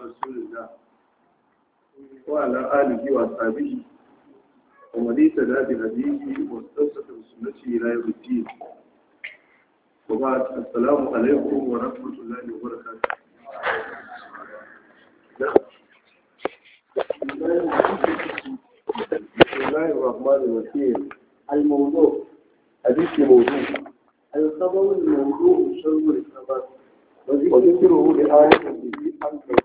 رسول الله وعلى آله وأصحابه ومن اهتدى بهديه واستمسك بسنته إلى يوم الدين وبعد السلام عليكم ورحمة الله وبركاته بسم الله الرحمن الرحيم الموضوع حديث موضوع الخبر الموضوع شر الخبر وذكره لآية به أنه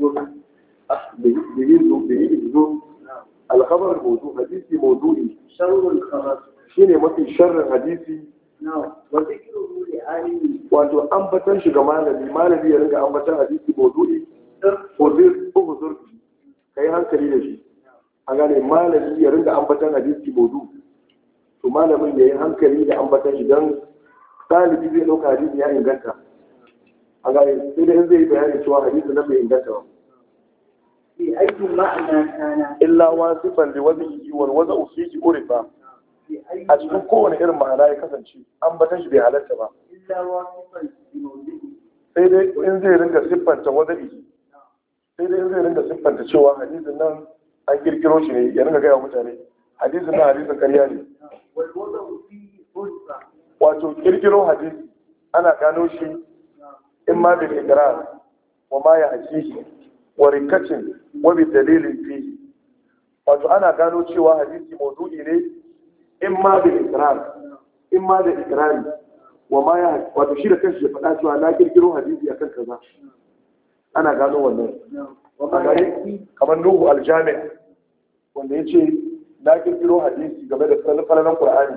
يحدث به الزور الخبر حديثي موضوعي شر الخبر mafi شر حديثي wato ga malami malami ya ambatan hadisi hankali da shi a gane malami ya ambatan hadisi maudu to ya yi hankali da ambatan don zai ɗauka hadisi ya inganta a sai da in zai bayani cewa hadisi nan bai inganta ba في أي معنى كان إلا واصفا لوضعه والوضع فيه أُرِفَ a cikin kowane irin ma'ana ya kasance an ba shi bai halatta ba sai dai in zai ringa siffanta wada'i sai dai in zai ringa siffanta cewa hadisin nan an kirkiro shi ne ya ringa gaya mutane hadisin nan hadisin ƙarya ne wato kirkiro hadisi ana gano shi In ma wa إما بالإقرار وما يأتيه وركة dalilin فيه wato ana gano cewa hadisi mawdu'i ne in ma bil ikrar in ma da ikrari wa ma ya wato shi da kanshi ya faɗa cewa na kirkiro hadisi akan kaza ana gano wannan kamar nuhu aljami wanda ya ce na kirkiro hadisi game da falalan qur'ani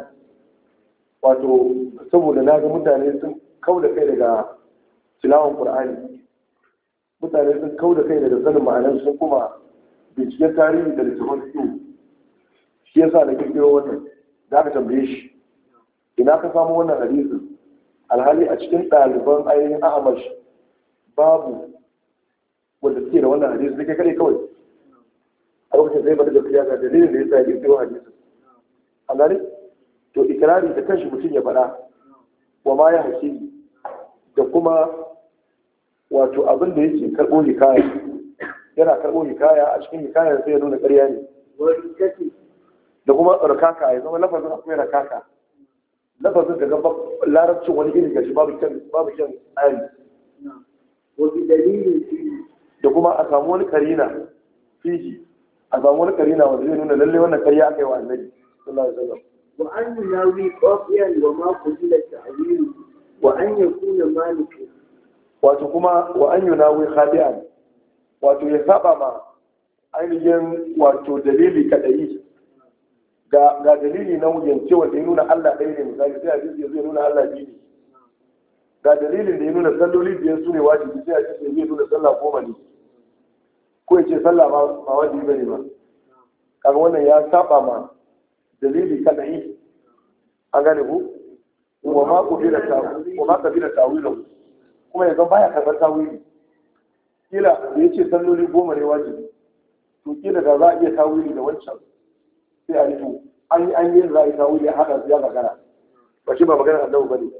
wato saboda na ga mutane sun kauda kai daga tilawan ƙur'ani mutane sun kau da kai daga sanin ma'anar sun kuma binciken tarihi da littafin su shi yasa da kirkiro wannan za ka tambaye shi ina ka samu wannan hadisin alhali a cikin ɗaliban ainihin ahmad babu wanda suke da wannan hadisin da ke kare kawai a lokacin zai bada kuya ga dalilin da ya sa ya kirkiro hadisi a gani to ikirari da kanshi mutum ya faɗa wa ma ya haƙi da kuma wato abin da yake karɓo hikaya yana karɓo hikaya a cikin hikayar sai ya nuna ƙarya ne da kuma tsarkaka ya zama lafazin akwai kaka lafazin daga larabcin wani irin gashi babu kyan babu kyan tsari da kuma a samu wani karina fiji a samu wani karina wanda zai nuna lalle wannan karya aka yi wa annabi sallallahu alaihi wasallam wa an yunawi qafiyan wa ma qudila ta'wilu wa an yi kuna malikin wato kuma wa an nawi khadi'an wato ya saba ma ainihin wato dalili kadai ga ga dalili na wuyan cewa da ya nuna Allah ɗaya ne misali sai hadisi ya zai nuna Allah biyu ne ga dalilin da ya nuna salloli biyar su ne wajibi sai hadisi ya zai nuna sallah goma ne ko ya ce sallah ba wajibi ne ba kaga wannan ya saba ma dalili kadai an gane ku wa ma bi da ta'wilu kuma ya ga baya karɓar tawili kila da ya ce salloli goma ne wajibi to kila da za a iya tawili da wancan sai a yi to an yi an yi za a yi tawili a haɗa ya magana ba shi ba magana annabi ba ne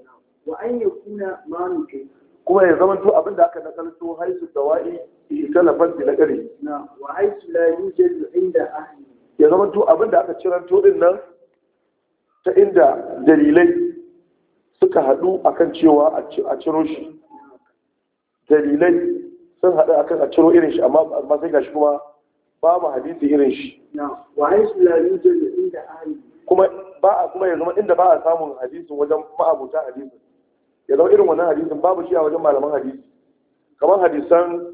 wa an yi kuna manu ke kuma ya zama to abin da aka nakalto haisu dawa'i ikhtalafat bi naqli na wa haisu la yujadu inda ahli ya zama to abin da aka to din nan ta inda dalilai suka haɗu akan cewa a ciro shi dalilai sun haɗu akan a ciro irin shi amma sai gashi kuma babu hadisi irin shi kuma ba a kuma ya zama inda ba a samun hadisin wajen ma'abuta hadisin ya zama irin wannan hadisin babu shi a wajen malaman hadisi kamar hadisan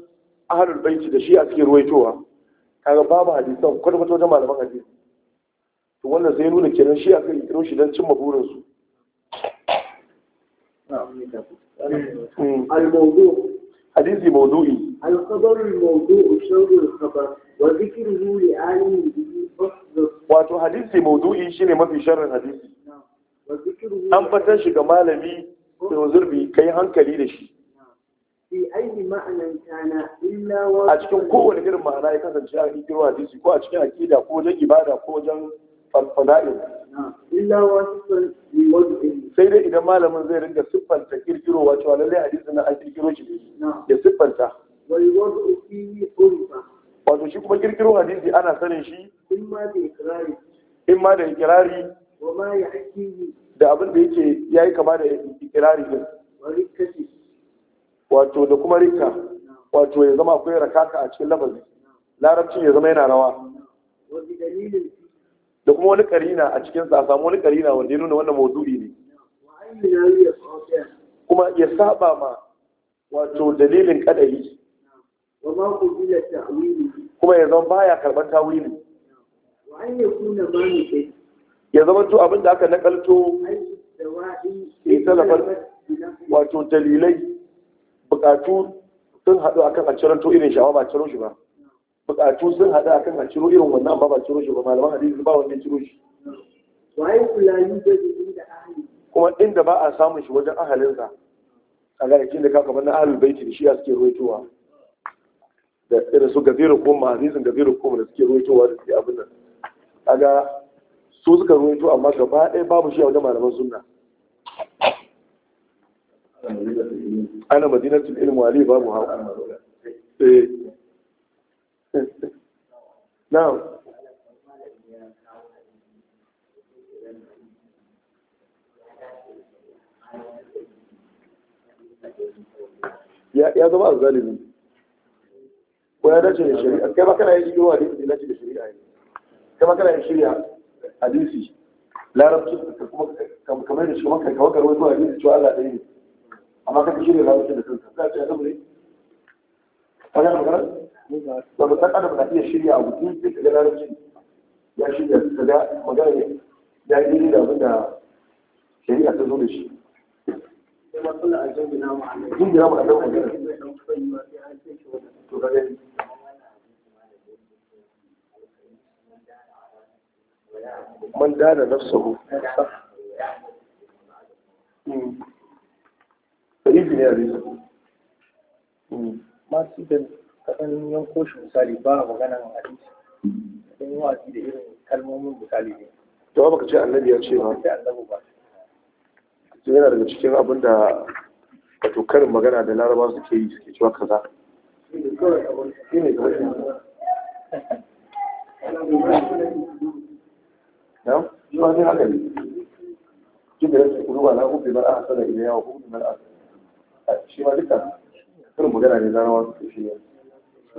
ahalul baiti da shi a cikin ruwaitowa kaga babu hadisan kwata-kwata wajen malaman hadisi to wannan sai nuna kenan shi a kan kiro shi don cimma burinsu al-mawdu حديث موضوعي wato hadisi mawdu'i shine mafi sharrin hadisi an fatan shi ga malami da zurbi kai hankali da shi a cikin kowane irin ma'ana ya kasance a cikin hadisi ko a cikin akida ko wajen ibada ko wajen farfada'in illa sai dai idan malamin zai ringa siffanta wato cewa lallai hadisin na an kirkiro shi ya siffanta wato shi kuma kirkiro hadisi ana sanin shi in ma da ikirari da abin da yake ya yi kama da ikirari din wato da kuma rika wato ya zama akwai rakaka a cikin lafazi larabci ya zama yana rawa da kuma wani karina a cikin sa samu wani karina wanda ya nuna wannan maudu'i ne kuma ya saba ma wato dalilin kadari kuma ya zama baya karban tawili ya zama to abinda aka nakalto ya talabar wato dalilai bukatu sun haɗu akan a ciranto irin shawa ba ciran shi ba bukatu sun hada akan a ciro irin wannan ba ba ciro shi ba malaman hadisi ba wannan ciro shi kuma inda ba a samun shi wajen ahalinsa a garakin da ka kamar na ahalul baiti da shi a suke ruwaitowa da irin su gazirin kuma hadisin gazirin kuma da suke ruwaitowa da suke abin nan ga su suka ruwaito amma gaba ɗaya babu shi a wajen malaman sunna ana madinatul ilmi wali babu hawa eh ya zama a zalimi ya dace da shari'a kai ba kana yin shigo hadisi da dace da shari'a ne kai ba kana yin shirya hadisi larabci ka kuma kamar da shi kuma kai kawai karwai zuwa hadisi cewa Allah ne amma shirya ce ne wanda ta adam na iya shirya abu in sai ka ga larabci ya shirya ka ga magana ya yi daidai da abin shari'a ta zo da shi jingina mu a ɗan magana to man dada nafsahu hmm. sahibi a hmm. masu kaɗan yanko shi misali ba a maganan hadisi yi watsi da irin kalmomin misali ne to ba ce annabi ya ce ba ce yana daga cikin abin da wato karin magana da laraba suke yi suke cewa kaza shi ma shi ma duka karin magana ne laraba suke shi ne to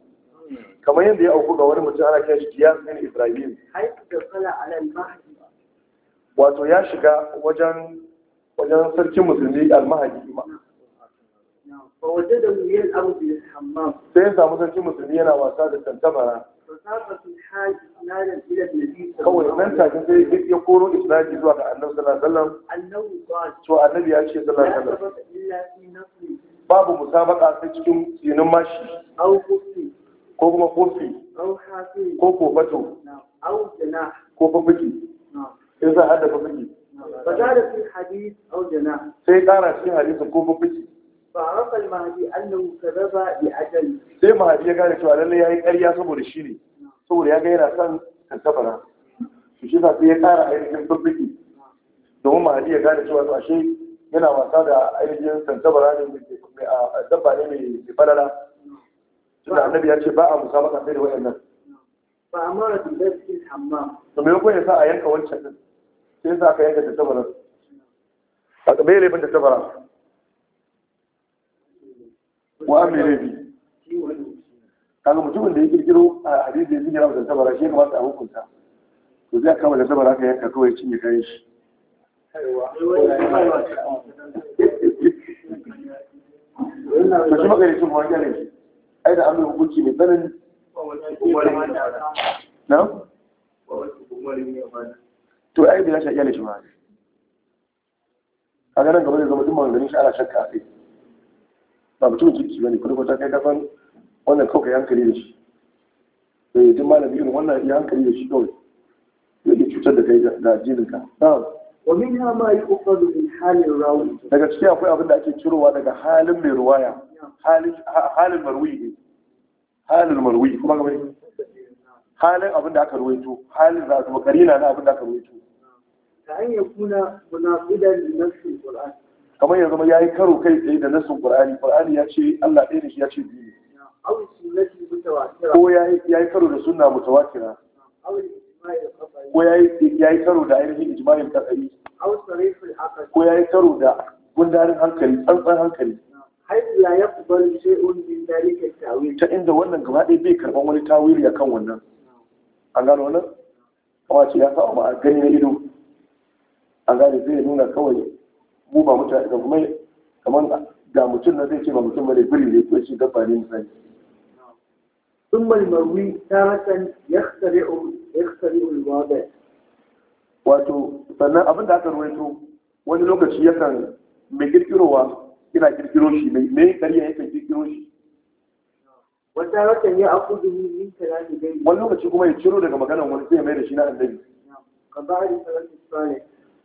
kamar yadda ya auku ga wani mutum ana kai shi Diyas bin Ibrahim wato ya shiga wajen wajen sarkin musulmi al-mahdi sai ya samu sarkin musulmi yana wasa da tantamara. kawai nan take sai ya koro isnadi zuwa ga annabi sallallahu alaihi wasallam to annabi ya ce sallallahu alaihi wasallam babu musabaka sai cikin tsinin mashi ko kuma kofi ko kofato ko fafiki In za a da fafiki فزاد في ƙara cikin جناح. ko في حديث كوفو بيتي. فعرف المهدي أنه كذب لأجل. sai mahadi ya gane cewa lallai ya yi ƙarya saboda shi ne saboda ya ga yana son kantabara shi shi sai ya ƙara ainihin bibbiki domin mahadi ya gane cewa to ashe yana wasa da ainihin kantabara ne mai dabba ne mai falala tunda annabi ya ce ba a musabaka sai da wayannan fa amara da dafil hammam to me ko yasa a yanka wancan din sai sa ka yanka da tabara a kabe ne bin da tabara wa amire bi kaga mutumin da ya kirkiro a hadisi ya jira da tabara shi ya kamata a hukunta to zai kama da tabara ka yanka kawai cinye kayan shi Kashi makaricin mawajen ne. aida da hukunci mai tsanani na? to ai da ya shaƙi ala shi ma a ganin gaba da zama duk maganganin shi ana shakka a kai ba mutum jiki wani kuma kwata kai kafan wannan kawai kai hankali da shi da yi jin malami irin wannan ya hankali da shi kawai zai cutar da kai da jininka ومنها ما يؤخذ من حال الراوي daga cikin akwai abin da ake cirowa daga halin mai ruwaya halin marwi ne halin marwi kuma halin abin da aka ruwaito halin za su karina na abin da aka ruwaito ta ya kuna ya zama karo kai tsaye da nassin qur'ani qur'ani ya ce Allah ɗaya shi ya ce biyu ko ya yi karo da sunna mutawatira ko ya yi karo da ainihin ijma'in kasari ko ya yi karo da gundarin hankali tsantsan hankali haifu ta inda wannan gaba ɗaya bai karɓan wani tawili akan wannan an gano wannan kawai ce ya sa ma gani na ido an gane zai nuna kawai mu ba mutane da kuma kamar Ga mutum na zai ce ba mutum ba da biri ne ko shi dabba ne misali ثم wato sannan abin da aka ruwaito wani lokaci yakan mai kirkirowa ina kirkiro shi mai ƙarya yakan kirkiro shi wata rakan ya aku da yin kalami gari wani lokaci kuma ya ciro daga maganar wani sai ya mai da shi na annabi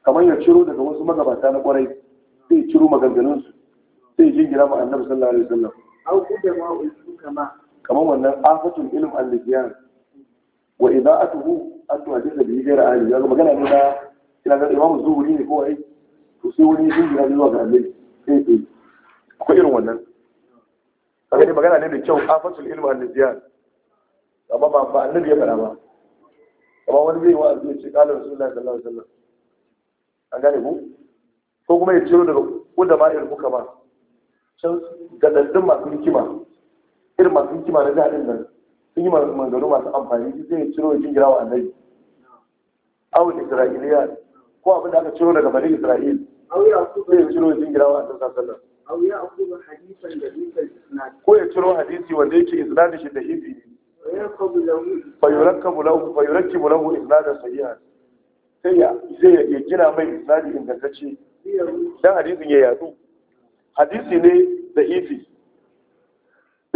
kamar ya ciro daga wasu magabata na kwarai sai ya ciro maganganunsu sai ya jingira ma annabi sallallahu alaihi wasallam au kuda ma'ul kama kamar wannan afatul ilm al-liyan wa idan atuhu an tuwa jinsa da hijira Ya yanzu ga magana ne na ina ga imamu zuhuri ne kawai to sai wani yin jira zuwa ga annabi sai eh, sai eh. akwai irin wannan kaga ne magana ne da kyau afatul ilmu an ziyar amma ba ba annabi ya fara ba amma wani zai wa zai ce qala rasulullahi sallallahu alaihi wasallam an gane ku ko kuma ya ciro daga kudama irin muka ba can ga dandun masu hikima irin masu hikima na jihadin nan sun yi maganganu masu amfani zai ciro ya jingira wa annabi awu isra'iliya ko abin da aka ciro daga bani isra'il zai ciro ya jingira wa annabi sallallahu alaihi wasallam ko ya ciro hadisi wanda yake isnadin shi da ibi fayurakkabu lahu fayurakkibu lahu isnadan sahihan sai ya zai ya gina mai isnadi ingantacce dan hadisin ya yadu hadisi ne da ifi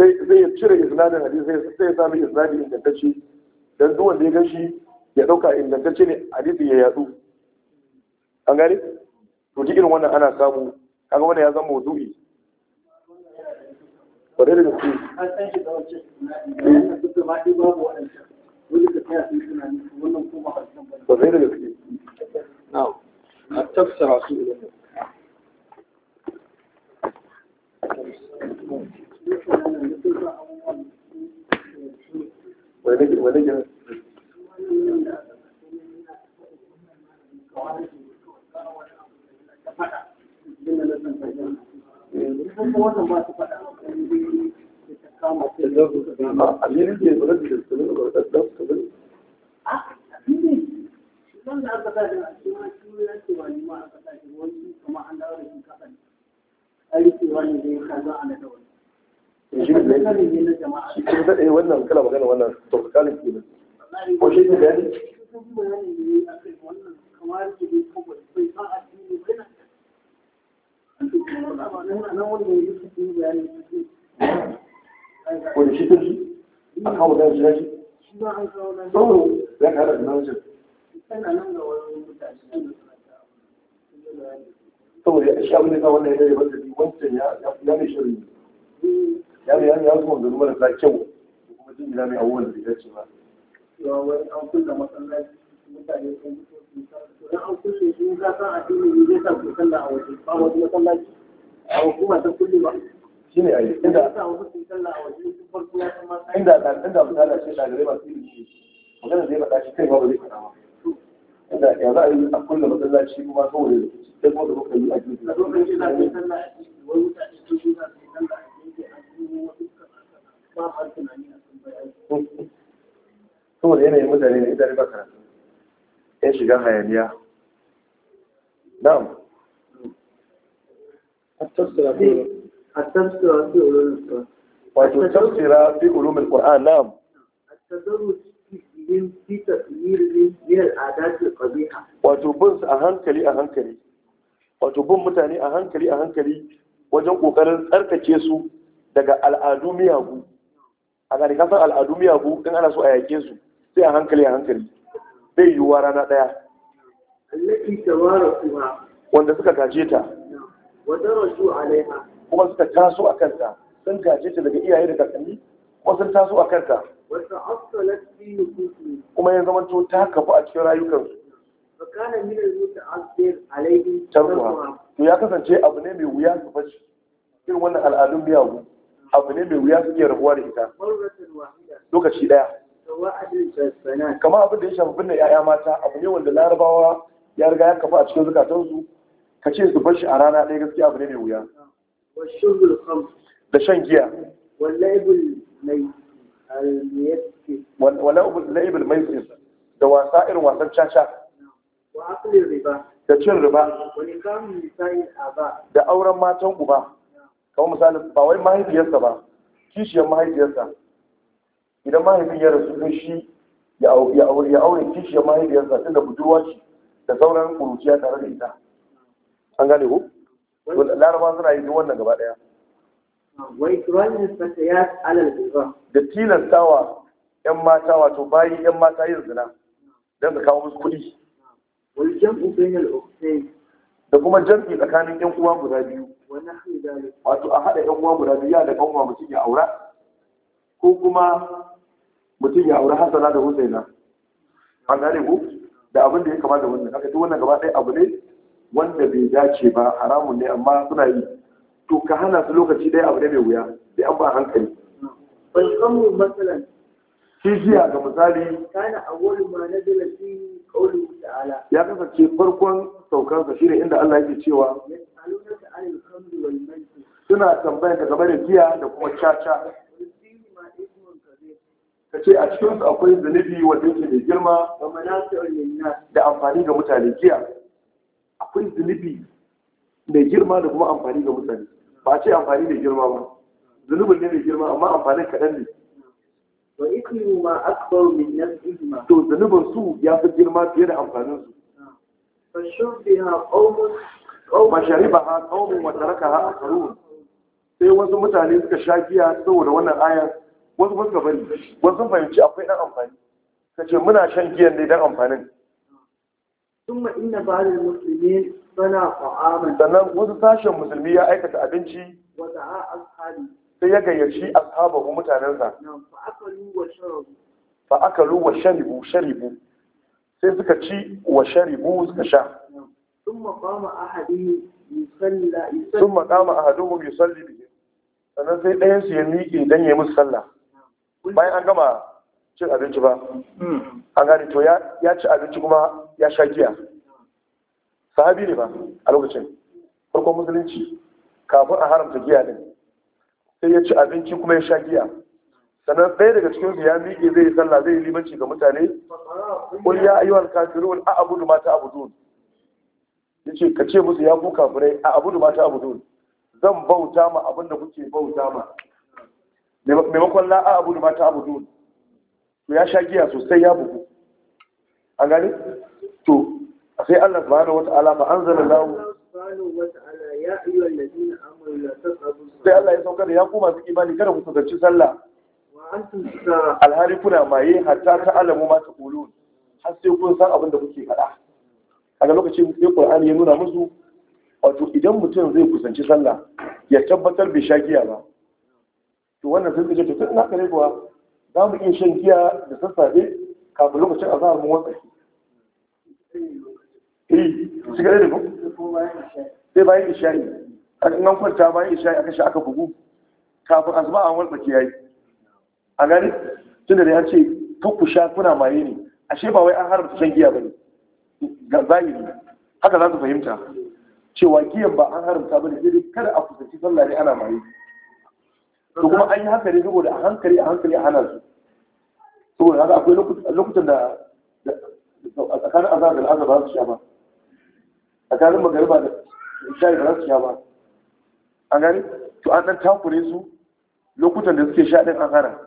sai zai cire isnadin ya samu ingantacce dan duk wanda ya gashi ya dauka ingantacce ne ya yadu an gane to irin wannan ana samu kaga wannan ya zama mawdu'i da shi da gaske a tafsira su ilimi Thank you. wani gina eh. a kai ba ba zai faɗa ba da ya za a yi a kulle masallaci kuma saboda duk wanda muka yi a jirgin na dole ne za a yi sallah a jirgin wani mutane sun yi za su yi sallah a jirgin a jirgin wasu ba har tunani a sun bayani saboda yanayin mutane ne idan ba karatu yan shiga hayaniya na'am التفسير في علوم القرآن wato tafsira fi ulumul qur'an na'am at-tadarrus بهم في تطهير من a القبيحة وتبنس أهنكلي أهنكلي وتبن متاني أهنكلي hankali wajen ƙoƙarin tsarkake su daga al'adu miyagu a gani kasar al'adu miyagu in ana so a yake su sai a hankali a hankali bai yiwuwa rana ɗaya wanda suka gaje ta kuma suka taso a kanta sun gaje ta daga iyaye da kakanni kuma sun taso a kanta kuma ya zama ta kafu a cikin rayukansu fakana min tarwa to ya kasance abu ne mai wuya su bace irin wannan al'adun miyagu abu ne mai wuya su iya rabuwa da ita lokaci daya kama abin da ya shafi binne ya'ya mata abu ne wanda larabawa ya riga ya kafa a cikin zukatansu ka ce su shi a rana ɗaya gaskiya abu ne mai wuya da shan giya wala la'ibul maisir da wasa irin wasan caca da cin riba da auren matan uba kamar misali ba wai mahaifiyarsa ba kishiyar mahaifiyarsa idan mahaifin ya rasu sun shi ya aure kishiyar mahaifiyarsa tun da budurwa ce da sauran kuruciya tare da ita an gane ku laraba suna yi wannan gaba daya wai tuwanin fatayat alal riba da tilastawa yan mata wato bayi yan mata yin zina don su kawo musu kuɗi da kuma jam'i tsakanin yan uwa guda biyu wato a haɗa yan uwa guda biyu da kanwa mutum ya aura ko kuma mutum ya aura hasala da husaina an gane ku da abin da ya kama da wannan haka duk wannan gaba ɗaya abu ne wanda bai dace ba haramun ne amma suna yi to ka hana su lokaci ɗaya abu ne mai wuya sai an ba hankali والخمر مثلا shi jiya ga misali kana awwalu ma ya kasance farkon saukar sa inda Allah yake cewa yas'alunaka 'anil suna tambaya da game da giya da kuma caca a cikin su akwai wanda yake mai girma da amfani ga mutane giya akwai zunubi mai girma da kuma amfani ga mutane ba a ce amfani mai girma ba zunubin ne mai girma amma amfanin kaɗan ne wa ikiru ma akbar min nafsihima to zunubin su ya fi girma fiye da amfanin su fashurbiha qaumun masharibaha qaumun wa tarakaha akharun sai wasu mutane suka sha giya saboda wannan aya wasu ba suka bari wasu fahimci akwai dan amfani kace muna shan giyan ne dan amfanin ثم bada بعض المسلمين صنع طعاما sannan wasu sashen musulmi ya aikata abinci wa da'a ashabi sai ya gayyaci ashabahu mutanensa fa akalu wa sharibu sharibu sai suka ci wa sharibu suka sha thumma qama ahaduhum yusalli mai qama ahaduhum bihi sannan sai ɗayan su ya miƙe dan ya musu sallah bayan an gama cin abinci ba an gane to ya ci abinci kuma ya sha giya sahabi ne ba a lokacin farkon musulunci kafin a haramta giya din sai ya ci abinci kuma ya sha giya sannan ɗaya daga cikin su ya miƙe zai yi sallah zai yi limanci ga mutane qul ya ayyuhal kafirun a abudu ma Ya yace ka ce musu ya ku kafirai a abudu mata abudun zan bauta ma abin da kuke bauta ma maimakon la a abudu mata abudun to ya sha giya sosai ya bugu an gani? to sai Allah subhanahu wata'ala fa anzala lahu sai Allah ya saukar da ya koma su imani kada ku kusanci sallah alhari kuna maye hatta ta alamu ma ta har sai kun san abin da kuke faɗa a ga lokacin sai Qur'ani ya nuna musu wato idan mutum zai kusanci sallah ya tabbatar bai sha giya ba to wannan sun kace to tun na kare kuwa za mu iya shan giya da sassafe kafin lokacin azhar mu watsa eh shi gare da ku sai bayan isha'i a nan kwanta bayan isha'i aka sha aka bugu kafin asuba an wartsake yayi a gani tun da ya ce ku sha kuna maye ne ashe ba wai an haramta shan giya ba bane ga zahiri haka za su fahimta cewa giyan ba an haramta ne, sai dai kada a kusanci sallah ne ana maye to kuma an yi haka ne saboda a hankali a hankali a hana su saboda haka akwai lokutan da tsakanin azar da al'azar ba su sha ba tsakanin magariba da shayi ba za su sha ba a gani to an dan takure su lokutan da suke sha din an na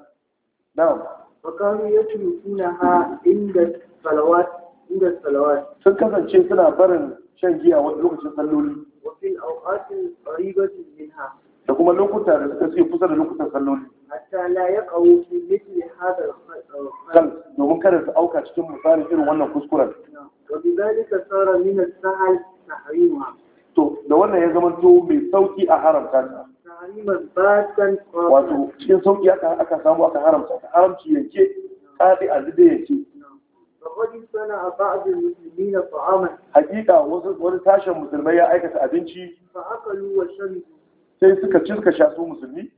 na'am bakaru ya tulukuna ha inda salawat inda salawat sun kasance suna barin shan giya wani lokacin salloli wa fil awqatin qaribatin ha. da kuma lokuta da suka suke kusa da lokutan salloli hatta la yaqawu fi mithli hadha Kan, domin kada su auka cikin misalin irin wannan kuskuren wa bidalika sara min as-sahal to da wannan ya zama to mai sauki a haramta ta wato cikin sauki aka aka samu aka haramta ta haramci yanke kadi a zide yanke hakika wasu wani tashin musulmai ya aikata abinci sai suka ci suka sha su musulmi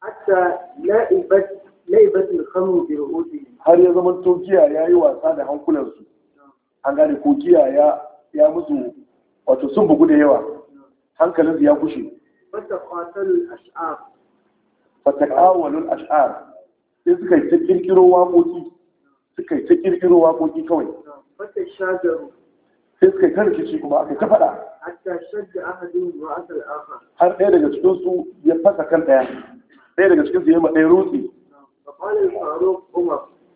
hatta la'ibat laibat al-khamru bi har ya zama to giya yayi wasa da hankulansu an gane ko giya ya ya musu wato sun bugu da yawa hankalin su ya kushe fatakawalul ash'ar sai suka yi ta kirkiro waƙoƙi suka yi ta kirkiro waƙoƙi kawai sai suka yi ta rikici kuma aka ta faɗa har ɗaya daga cikinsu ya fasa kan ɗaya ɗaya daga cikinsu ya yi ɗaya rutsi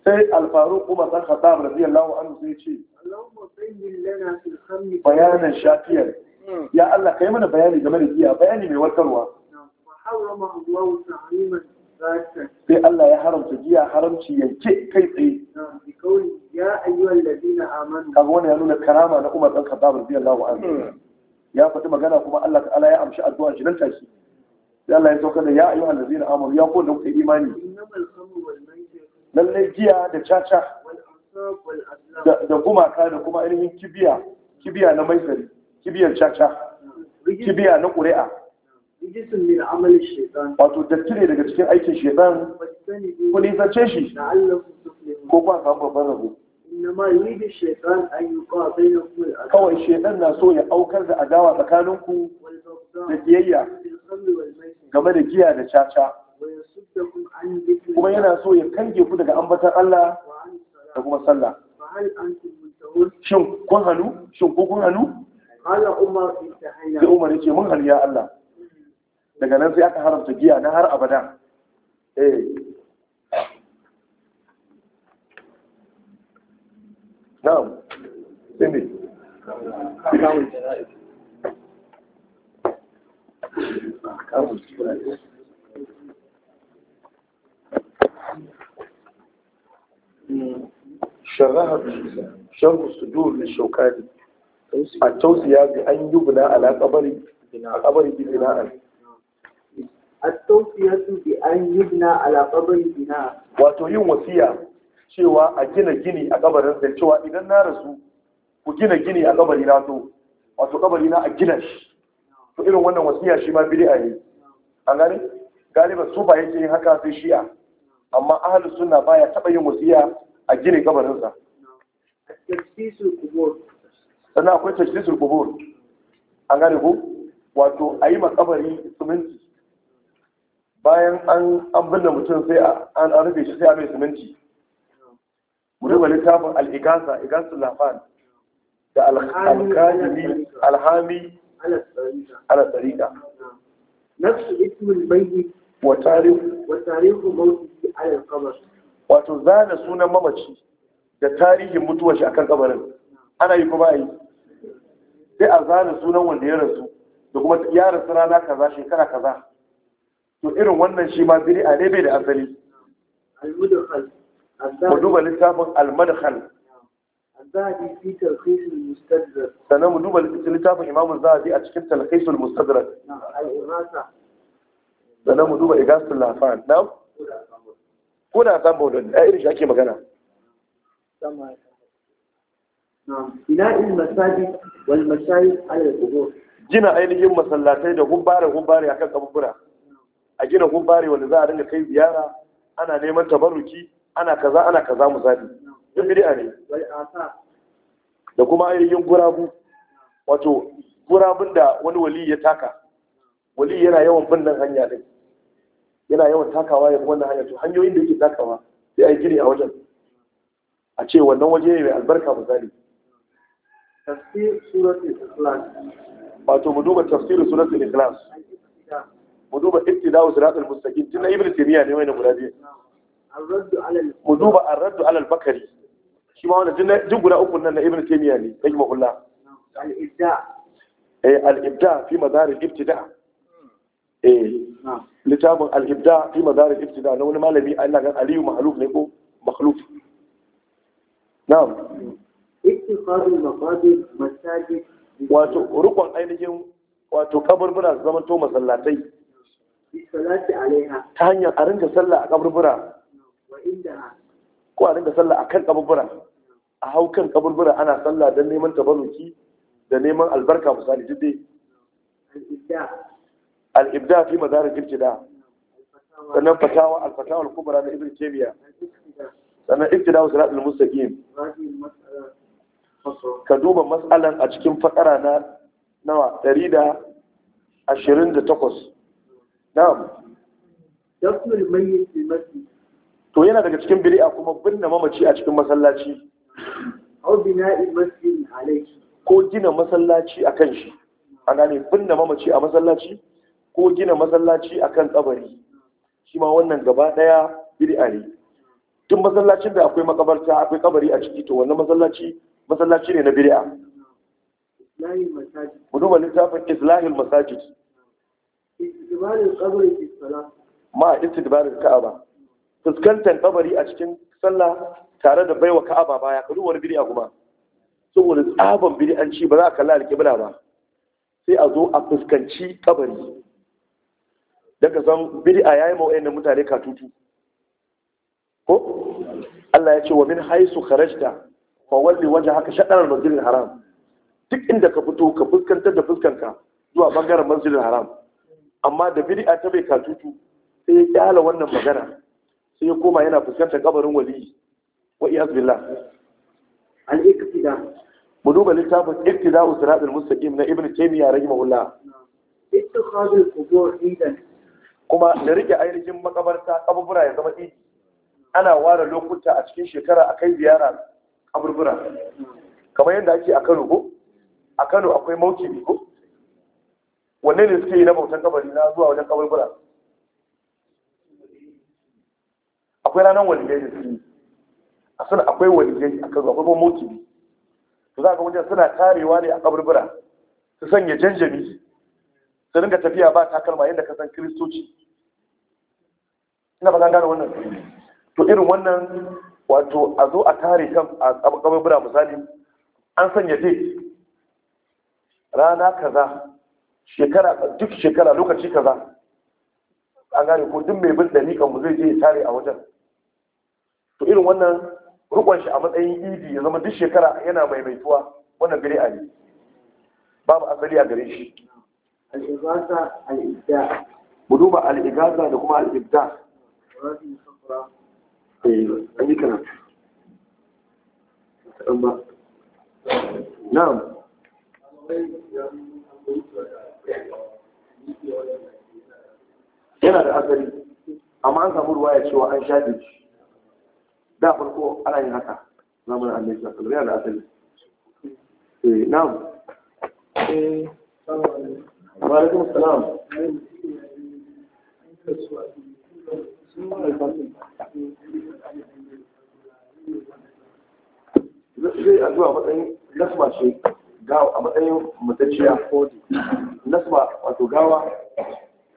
sai alfaru kuma san khattab radiyallahu anhu sai ce Allahumma bayyin bayanan shafiyan hmm. ya Allah kai mana bayani game da giya bayani mai wartarwa. sai Allah ya haramta giya haramci yanke kai tsaye kaga wani ya nuna karama na Umar dan Khattab radiyallahu anhu hmm. ya faɗi magana kuma Allah ta'ala ya amshi addu'a shi nan take sai Allah ya sauka da ya ayyuhal ladina amanu ya ku da kuke imani innamal khamru wal lallai giya da caca da gumaka da kuma ainihin kibiya kibiya na tsari, kibiyar caca kibiya na ƙuri'a wato datti ne daga cikin aikin shaitan ku nisance shi ko ba samu babban rabo kawai shaitan na so ya aukar da adawa tsakaninku da biyayya game da giya da caca kuma yana so ya kange ku daga ambatan Allah da kuma sallah shin kun halu shin ko kun halu sai umar ya ce mun halu ya Allah daga nan sai aka haramta giya na har abada eh na'am sai me kawai شرها شرح الصدور للشوكاني التوسية بأن يبنى على قبر قبر بناء التوسية بأن يبنى على قبر بناء وتوين وصية cewa a gina gini a kabarin da cewa idan na rasu ku gina gini a kabari na wato kabari na a gina shi to irin wannan wasiya shi ma bid'a ne an gane galiba su ba yake yin haka sai shi'a amma ahlus sunna baya taba yin wasiya a gini kabarinsa sannan akwai tashkisul kubur an gane ku wato a yi makabari siminti bayan an binne mutum sai an rufe shi sai a mai siminti mu duba littafin al'igasa igasul lafan da alhami alhami alasarika. tsarika nafsu ikimin bayi wa tarihu mawuti a kabar wato zana sunan mamaci da tarihin mutuwar shi akan kabarin ana yi kuma yi sai a zana sunan wanda ya rasu da kuma ya rasu rana kaza shekara kaza to irin wannan shi ma biri a ne bai da asali mu duba littafin al-madkhal mu duba littafin المستدرك سنة مدوبة لتلتاف إمام الذهبي أتشكل تلخيص المستدرك نعم الإغاثة سنة مدوبة إغاثة اللهفان نعم Kuna da san baudin a irin shi ake magana ina in masaji wal masayi alal qubur gina ainihin masallatai da gubbare gubbare akan kaburbura a gina gubbare wanda za a dinga kai ziyara ana neman tabarruki ana kaza ana kaza misali duk bid'a ne da kuma ainihin gurabu wato gurabun da wani wali ya taka wali yana yawan bin nan hanya din yana yawan takawa ya wannan hanya to hanyoyin da yake takawa sai a yi gini a wajen a ce wannan waje mai albarka misali tafsir suratul ikhlas wato mu duba tafsir suratul ikhlas mu duba ibtida'u siratal mustaqim tun ibnu taymiya ne wannan guda biyu mu duba ar-raddu ala al-bakari shi ma wannan duk guda uku nan na ibnu taymiya ne rahimahullah al-ibda eh al-ibda fi mazhar al-ibtida' eh littafin al-ibda fi madarik ibtida na wani malami Allah kan aliyu mahluf ne ko makhluf na'am ittifaqul maqabir masajid wato rukun ainihin wato kaburbura zaman to masallatai ta hanyar a rinka sallah a kaburbura ko a rinka sallah a kan kaburbura a hau kan kaburbura ana sallah don neman tabaruki da neman albarka misali duk dai الابداع في fi الابتداع al فتاوى sannan الكبرى لابن fatawa al ابتداء na المستقيم ka duba a cikin fakara na nawa 128 na'am dafnul mayyit fi masjid yana daga cikin bid'a kuma binne mamaci a cikin masallaci aw bina'i masjid alayhi ko gina masallaci akan shi mamaci a masallaci ko gina masallaci akan kabari shi ma wannan gaba daya bid'a ne Tun masallacin da akwai makabarta akwai kabari a ciki to wannan masallaci masallaci ne na bid'a mu duba littafin islahil masajid ma istidbarin ka'aba fuskantar kabari a cikin sallah tare da baiwa ka'aba baya ka duba wani bid'a kuma saboda tsaban bid'anci ba za a kalla alƙibla ba sai a zo a fuskanci kabari Daga zan biri a yayi ma wayannan mutane katutu ko Allah ya ce wa min haisu kharajta fa walli wajhaka shatr al-masjid haram duk inda ka fito ka fuskantar da fuskanka zuwa bangaren masjid haram amma da a ta bai katutu sai ya kyala wannan magana sai ya koma yana fuskantar kabarin wali. wa iyaz billah al-iqtida mu duba littafin iqtida usrat al-mustaqim na ibn taymiyyah rahimahullah ittikhadul qubur idan kuma da rike ainihin makabarta kaburbura ya zama iji ana ware lokuta a cikin shekara a kai ziyara kaburbura kamar yadda ake a kano ko a kano akwai mauki ko wanne ne suke yi na bautan kabari na zuwa wajen kaburbura akwai ranar waligai da suke yi a suna akwai waligai a kano akwai mauki to za ka wajen suna tarewa ne a kaburbura su sanya janjami su ringa tafiya ba takalma yadda ka san kiristoci ina ba gane wannan to irin wannan wato a zo a tare kan a bura misali an sanya date rana kaza shekara duk shekara lokaci kaza an gane ko duk mai bin ni mu zai je ya tare a wajen to irin wannan rukun shi a matsayin idi ya zama duk shekara yana maimaituwa wannan gari a ne babu asali a gare shi mu duba al'igaza da kuma al'ibda an yi karatu na'am yana da asali amma an samu ruwa ya cewa an shaɗe shi da farko ana yin haka zamanin annabi sallallahu alaihi wasallam yana da asali na'am eh Wa alaikum salam. Zai addu'a matsayin nasma ce a matsayin matacciya nasma wato gawa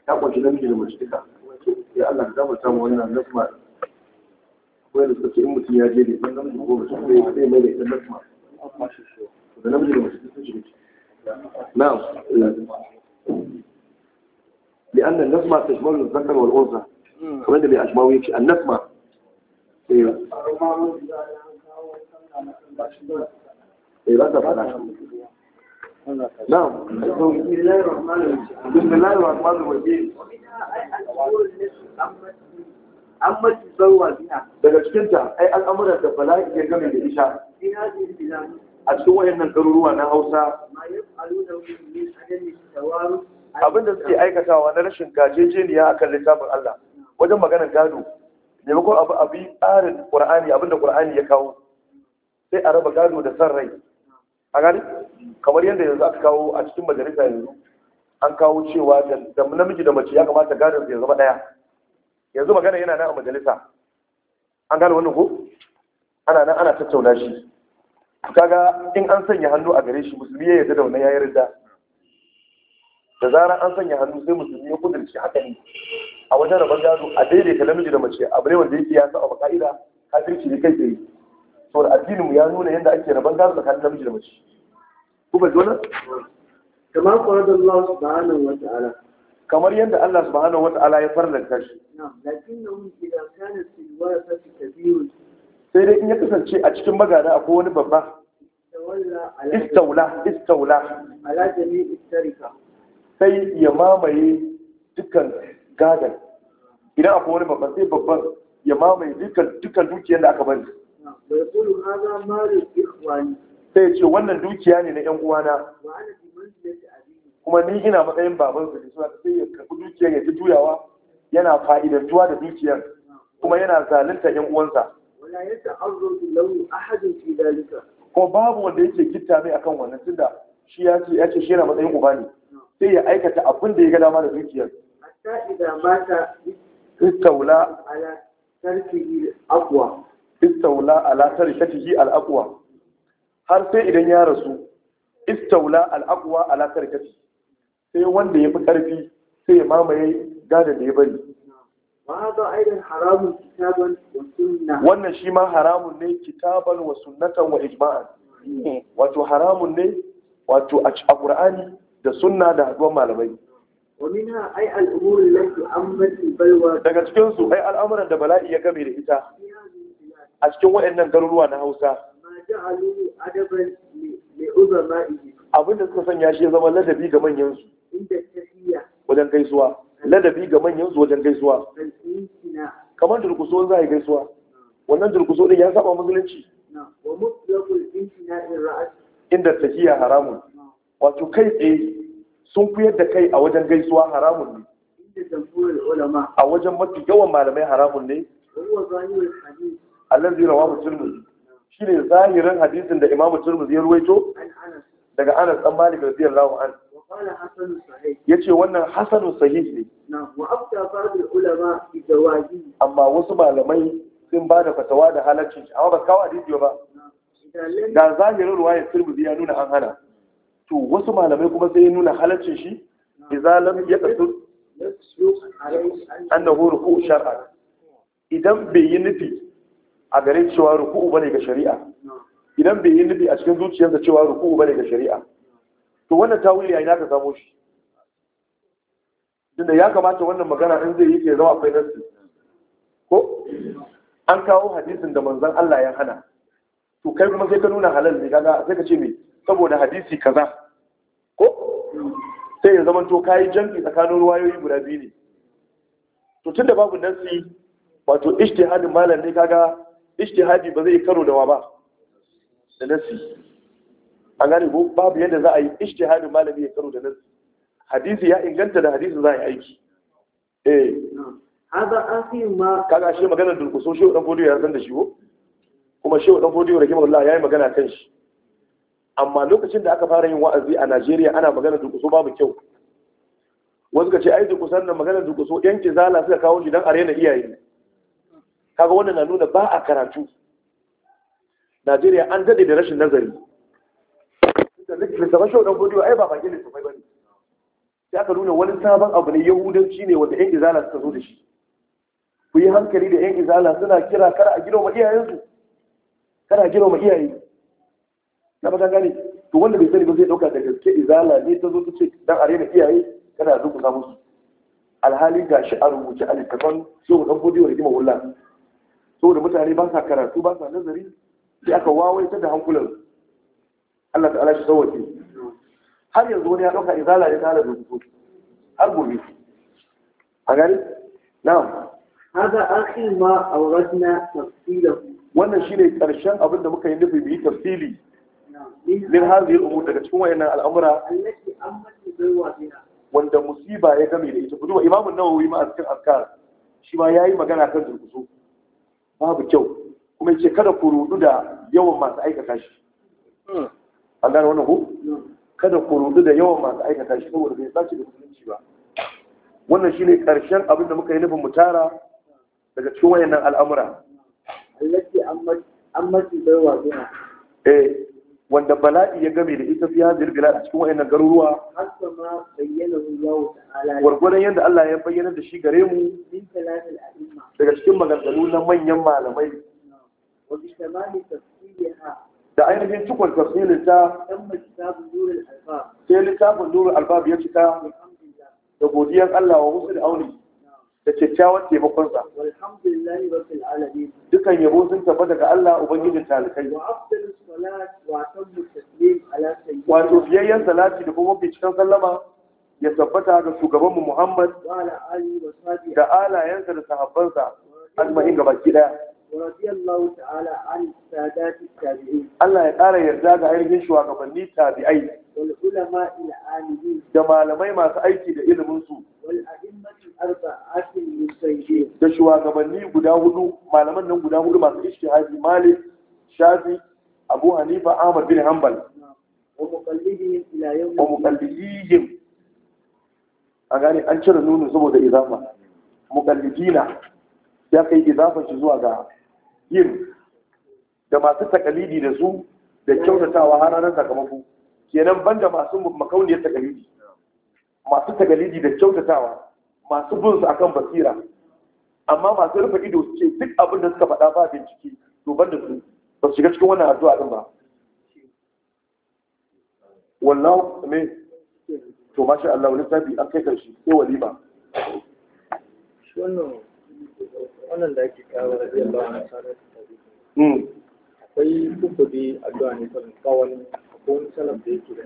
ta kwanci namiji da mace duka ya Allah ka gafarta mu wannan nasma akwai da suka ce in mutum ya je da idan namiji ko mace zai zai mai da idan nasma da namiji da mace sun shiga na'am لأن النسمة تشمل الذكر والأنثى فماذا بأجموي النسمة ايوه ايوه نعم بسم الله الرحمن الرحيم بسم الله الرحمن الرحيم أما تزوى بنا بلشتنتا أي الأمر الدفلاء يجمع بإشارة في هذه البلاد a cikin wayannan garuruwa na Hausa abinda suke aikatawa na rashin gajejeniya akan littafin Allah wajen maganar gado maimakon abu abi tsarin Qur'ani abinda Qur'ani ya kawo sai a raba gado da san rai a gani kamar yadda yanzu aka kawo a cikin majalisa yanzu an kawo cewa da namiji da mace ya kamata gadon ya zama daya yanzu magana yana nan a majalisa an gano wannan ko ana nan ana tattauna shi kaga in an sanya hannu a gare shi musulmi ya yarda da wannan ya yarda da zarar an sanya hannu sai musulmi ya kudurce haka ne a wajen rabar gado a daidaita namiji da mace abu ne wanda yake ya saba ka'ida kafirci ne kai tsaye to da addinin mu ya nuna yadda ake rabar gado tsakanin namiji da mace ku ba jona kamar qarada Allah subhanahu wa ta'ala kamar yadda Allah subhanahu wa ta'ala ya farlanta shi na'am lakinnahu idza kana fil warasati kabirun sai dai in ya kasance a cikin magana akwai wani babba istaula istaula sai ya mamaye dukkan gadon, idan akwai wani babban sai babban ya mamaye dukkan dukkan dukiyar da aka bari sai ya ce wannan dukiya ne na 'yan uwana kuma ni ina matsayin baban su ne sai ya karɓi dukiyar ya ji juyawa yana fa'idantuwa da dukiyar kuma yana zalunta 'yan uwansa wala yata'arradu lahu ahadun fi dalika ko babu wanda yake gitta mai akan wannan tunda shi ya ce ya shi yana matsayin uba ne sai ya aikata abin da ya ga dama da dukiyar hatta idan mata istaula ala tarkihi al-aqwa istaula ala tarkihi al-aqwa har sai idan ya rasu istaula al-aqwa ala tarkihi sai wanda ya fi karfi sai ya mamaye gadon da ya bari wannan shi ma haramun ne kitaban wa sunnatan wa ijma'an wato haramun ne wato a qur'ani da sunna da haduwar malamai daga cikin su ai al'amuran da bala'i ya game da ita a cikin waɗannan garuruwa na Hausa abinda suka sanya shi ya zama ladabi ga manyan su wajen gaisuwa ladabi ga manyan su wajen gaisuwa kamar durkuso za a yi gaisuwa wannan durkuso din ya saba musulunci inda tahiya haramun wato kai tsaye sun kuyar da kai a wajen gaisuwa haramun ne a wajen mafi yawan malamai haramun ne rawa mutum Shi ne zahirin hadisin da imamu tirmidhi ya ruwaito daga anas dan malik radiyallahu anhu ya ce wannan hasanun sahih ne amma wasu malamai sun ba da fatawa da halarci amma ba kawo hadisi ba da zahirin ruwayar tirmidhi ya nuna an hana to wasu malamai kuma sai ya nuna halarcin shi idza lam yaqsud annahu ruku' shara idan bai yi nufi a gare cewa ruku'u bane ga shari'a idan bai yi nufi a cikin zuciyarsa cewa ruku'u bane ga shari'a to wannan tawili yayin ka samo shi tunda ya kamata wannan magana in zai yi ke zama akwai ko an kawo hadisin da manzon Allah ya hana to kai kuma sai ka nuna halal ne kaga sai ka ce me saboda hadisi kaza ko sai ya zama to kai jami'i tsakanin ruwayoyi guda biyu ne to tunda babu nasi wato ijtihadin malam ne kaga ijtihadi ba zai karo da wa ba da nasi an gane ko babu yadda za a yi ijtihadin malami ya karo da nan hadisi ya inganta da hadisin za a yi aiki eh hada afi ma kaga shi magana durkuso shi dan fodiyo ya san da shi ko kuma shi dan Allah ya yayi magana kan shi amma lokacin da aka fara yin wa'azi a Najeriya ana magana durkuso babu kyau wasu ka ce ai kusan nan magana durkuso yan kizala suka kawo shi dan arena iyaye kaga wannan na nuna ba a karatu Najeriya an dade da rashin nazari littattafan shaudan godiyo ai ba bakin littattafai ba ne sai aka nuna wani sabon abu ne yahudanci ne wanda yan izala suka zo da shi ku yi hankali da yan izala suna kira kar a gina girma iyayensu kar a girma iyaye na baka gane to wanda bai sani ba zai ɗauka da gaske izala ne ta zo ta ce dan da iyaye kana rubuta musu alhali ga shi a rubuce a littattafan shaudan godiyo da gima wulla saboda mutane ba sa karatu ba sa nazari sai aka wawaita da hankulansu Allah ta'ala shi sauwake har yanzu wani ya ɗauka izala ya tara da rubutu har gobe a gani na'am hada akhir ma awratna tafsila wannan shine karshen abin da muka yi nufi bi tafsili min hadhihi al-umur daga cikin wayannan al'amura wanda musiba ya game da ita kuma Imam an-Nawawi ma a cikin azkar shi ma yayi magana kan durkusu babu kyau kuma yace kada ku rudu da yawan masu aikata shi hmm. an gane wani ko kada ku rudu da yawan masu aikata shi saboda bai sace da musulunci ba wannan shine karshen abin da muka yi nufin mu tara daga cikin wayannan al'amura eh wanda bala'i ya game da ita fi hazir bilad a cikin wayannan garuruwa hasa yadda Allah ya bayyana da shi gare mu daga cikin maganganu na manyan malamai wa bi tamami tafsiriha da ainihin cikonta sai littafin nurul albab ya cika da godiyar Allah wa musul auni da taimakon taimakonsa dukan yabo sun tafi daga Allah ubangijin talikai wato biyayyen salati da kuma binciken sallama ya tabbata ga shugabanmu Muhammad da alayensa da sahabbansa almahin gabaki daya radiyallahu ta'ala an sadati tabi'in Allah ya ƙara yarda ga ainihin shugabanni tabi'ai wal ulama ila alimin da malamai masu aiki da ilimin su wal a'immatu arba'atin musayyid da shugabanni guda hudu malaman nan guda hudu masu ijtihadi Malik Shafi Abu Hanifa Ahmad bin Hanbal wa muqallidihim ila yawm wa muqallidihim a gane an cire nunu saboda izafa muqallidina ya kai izafar shi zuwa ga yin da masu takalidi da su da kyautatawa har ranar sakamako kenan banda masu makauniyar takalidi masu takalidi da kyautatawa masu bin su akan basira amma masu rufe ido su ce duk abin da suka faɗa ba bincike to banda su ba su shiga cikin wannan addu'a din ba wallahu me to masha Allah wani sabi an kai karshe sai walima wannan da ake kawo da biyan ba na sanar da akwai kukuɗi addu'a ne kan kawon akwai salam da yake da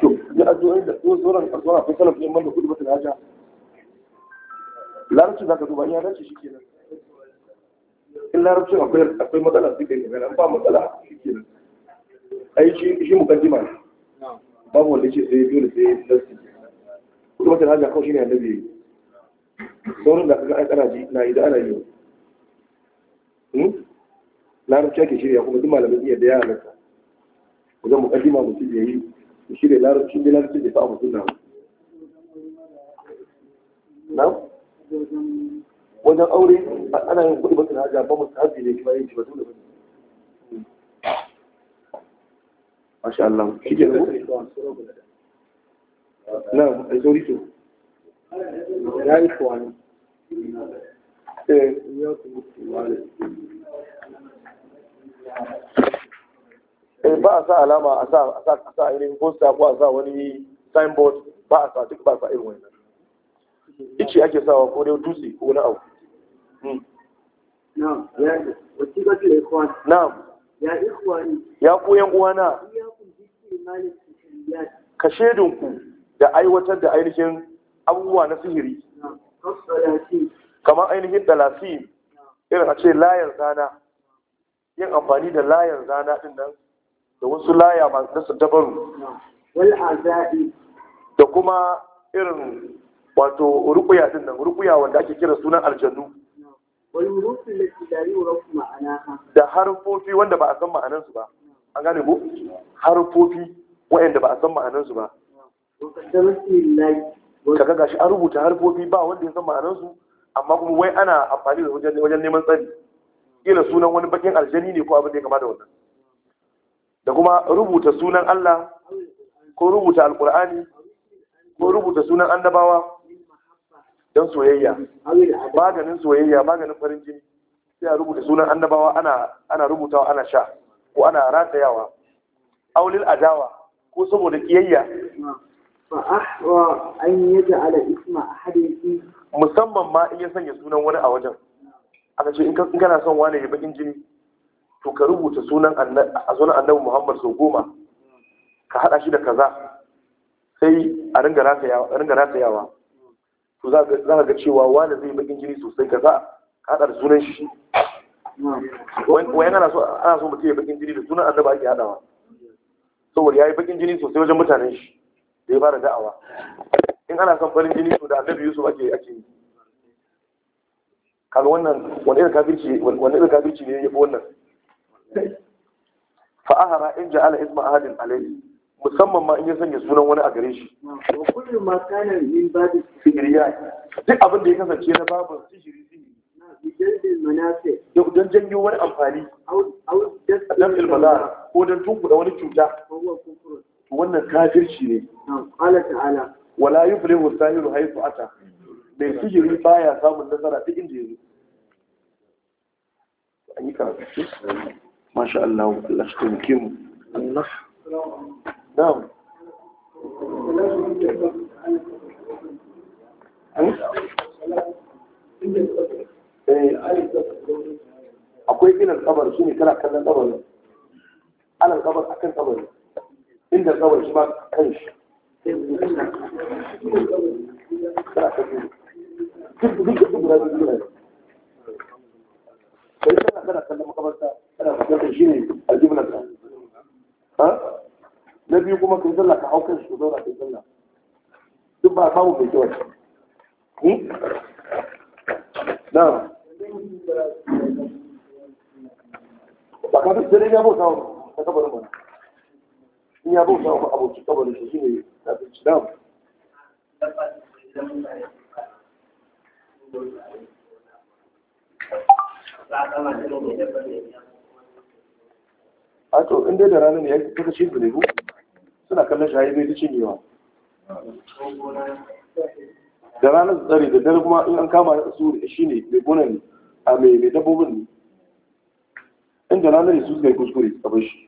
to ya addu'o'i da ko zoran addu'a akwai salaf ne man da kudu bata haja larabci zaka duba in ya dace shikenan in larabci akwai akwai matsala sai kai magana ba matsala A ai shi shi mukaddima ne babu wanda yake sai dole sai nasi kudu bata haja kawai shine annabi saurin da kaga ana ji na yi da ana yi hmm? larabci ke shirya kuma duk malamai iya da ya halatta wajen mukaddima mutum ya yi ya shirya larabci da larabci da fa'a mutum na na wajen aure ana yin kuɗi masu haja ba musu haji ne kuma yin shi ba dole ba masha Allah shi ke na na a sauri to ya yi tuwani eh, eh ba a sa alama a sa irin poster ko a sa wani signboard ba a sa duk ba sa irin wannan ice ake sawa ko dai dutse ko wani abu hmm. na'am ya ikhwani ya ku yan uwana ka shedinku da aiwatar da ainihin abubuwa na sihiri kamar ainihin dalasin irin a ce layar zana yin amfani da layar zana din nan da wasu laya masu dabaru da kuma irin wato rukuya din nan rukuya wanda ake kira sunan aljannu da harfofi wanda ba a san ma'anansu ba an gane ko harfofi wa'anda ba a san ma'anansu ba kaga gashi an rubuta harfofi ba wanda ya san su amma kuma wai ana amfani da wajen neman tsari kila sunan wani bakin aljani ne ko abin da ya kama da wannan da kuma rubuta sunan Allah ko rubuta alkur'ani ko rubuta sunan annabawa don soyayya maganin soyayya maganin farin jini sai a rubuta sunan annabawa ana ana rubutawa ana sha ko ana ratayawa aulil adawa ko saboda kiyayya musamman ma in ya sanya sunan wani a wajen aka ce in kana son wani ya bakin jini to ka rubuta sunan a sunan annabi Muhammad sau goma ka hada shi da kaza sai a ringa ratayawa to za ka ga cewa wani zai bakin jini sosai kaza ka haɗa da sunan shi wayan ana so so mutum ya bakin jini da sunan annabi ake hadawa saboda ya yi bakin jini sosai wajen mutanen shi da fara da'awa in ana son farin jini to da annabi yusuf ake ake yi kaga wannan wani irin kafirci wani irin kafirci ne ya fi wannan fa ahara in ja'ala isma ahadin alayhi musamman ma in ya sanya sunan wani a gare shi wa kullu ma kana min babu sihiriya duk abin da ya kasance na babu sihiri don janyo wani amfani dan ilmala ko don tunkuda wani cuta wannan kafirci ne qala ta'ala wala yuflihu sahiru ata mai baya samun nasara duk inda shi mu Allah eh, kabar ne kana kallon kabar akan inda kabar shi ba kan shi na kai kai ba na ka duk da ya bauta wa ta kabarin ba in ya bauta wa abokin kabarin shi shine abinci inda da ranar ne ya kuka ce bulebu suna kallon shayi mai ta cinyewa da ranar tsari da dare kuma in an kama su shi ne mai gona ne a mai dabbobin ne inda ranar su suka yi kuskure a bashi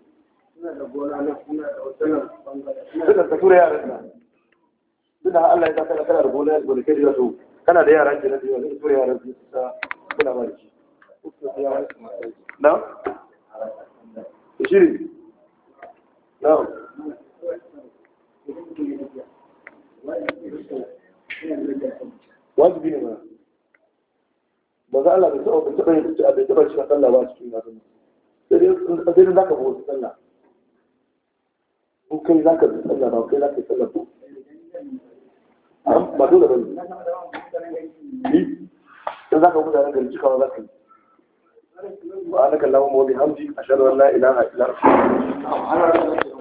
suna ka tura yaran ka duk da Allah ya da kana da gona da kai da su kana da yaran kenan da su tura yaran su ta kula ba shi na shiri na wajibi ne ba ba za Allah bai taɓa bai a bai taɓa shi sallah ba cikin yaro sai dai sai zaka bauta sallah in kai za ka bi ba kai za ka yi ah, ba dole ba ne in za ka da gari cikawa za ka yi وأنك اللهم وبحمدك أشهد a لا إله إلا ila